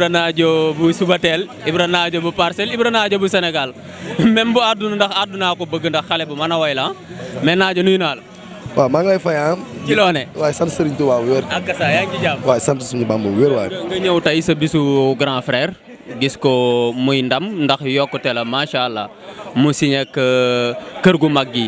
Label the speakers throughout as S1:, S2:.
S1: Ibra Naajo bu Subatel Ibra Naajo bu Parcelles Ibra Naajo bu Sénégal même bu àdduna ndax àddunaa ko bëgg ndax xale bu mën a woy la mais Naajo nuyu naa la.
S2: waaw maa ngi lay fay ah.
S1: ci loo ne. waaye sant Serigne Touba bu
S2: waaye sant suñu Bamba bu wér waaye.
S1: nga ñëw tey sa bisu grand frère gis ko muy ndam ndax yokkute la macha allah mu signé euh, gu mag gi.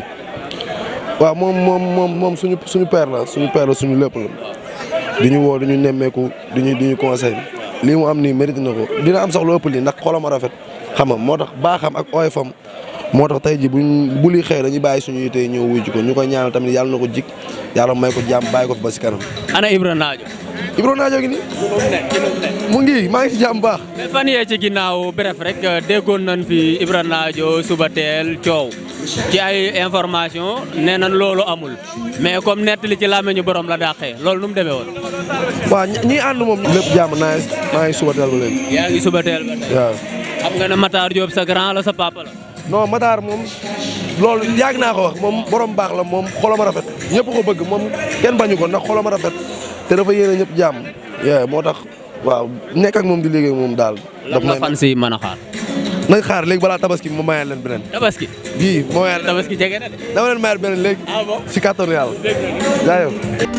S2: waaw moom moom moom moom suñu suñu père la suñu père suñu lépp la di woo di nemmeeku di conseil lii mu am nii mérite na ko dina am sax lu ëpp lii ndax xolam a rafet xam nga moo tax baaxam ak fam moo tax tey ji buñ bu liy xëy ñu bàyyi suñu te ñëw wuy ji ko ñu koy ñaanal tamit yàlla na ko jik yàlla may ko jàmm bàyyi ko fi ba si kanam.
S1: ana Ibra Naajo. Ibro Naajo gi mu ngi
S2: maa ngi si jàmm baax.
S1: fan yee ci ginnaaw bref rek déggoon nañ fi Ibro Naajo suba teel coow ci ay information nee nañ loolu amul mais comme nettali ci làmmiñu borom la dàqee loolu nu mu demee woon.
S2: waaw ñi ànd moom. lépp jàmm naa maa ngi suba ba léegi. yaa ngi suba ba waaw.
S1: nga ne Matar Diop sa grand la sa papa la. non
S2: moom loolu yàgg naa ko wax moom borom baax la moom xolam a rafet ñëpp ko bëgg moom kenn bañu ko ndax xolam a rafet. te dafa yéene ñëpp jàmm yee moo tax waaw nekk moom di liggéey moom daal. daf may fan si mën a xaar. nañ xaar léegi balaa tabaski ma mayal leen beneen. tabaski bii ma mayal leen tabaski jege na de. dama leen mayal beneen ah si kàttanu yàlla.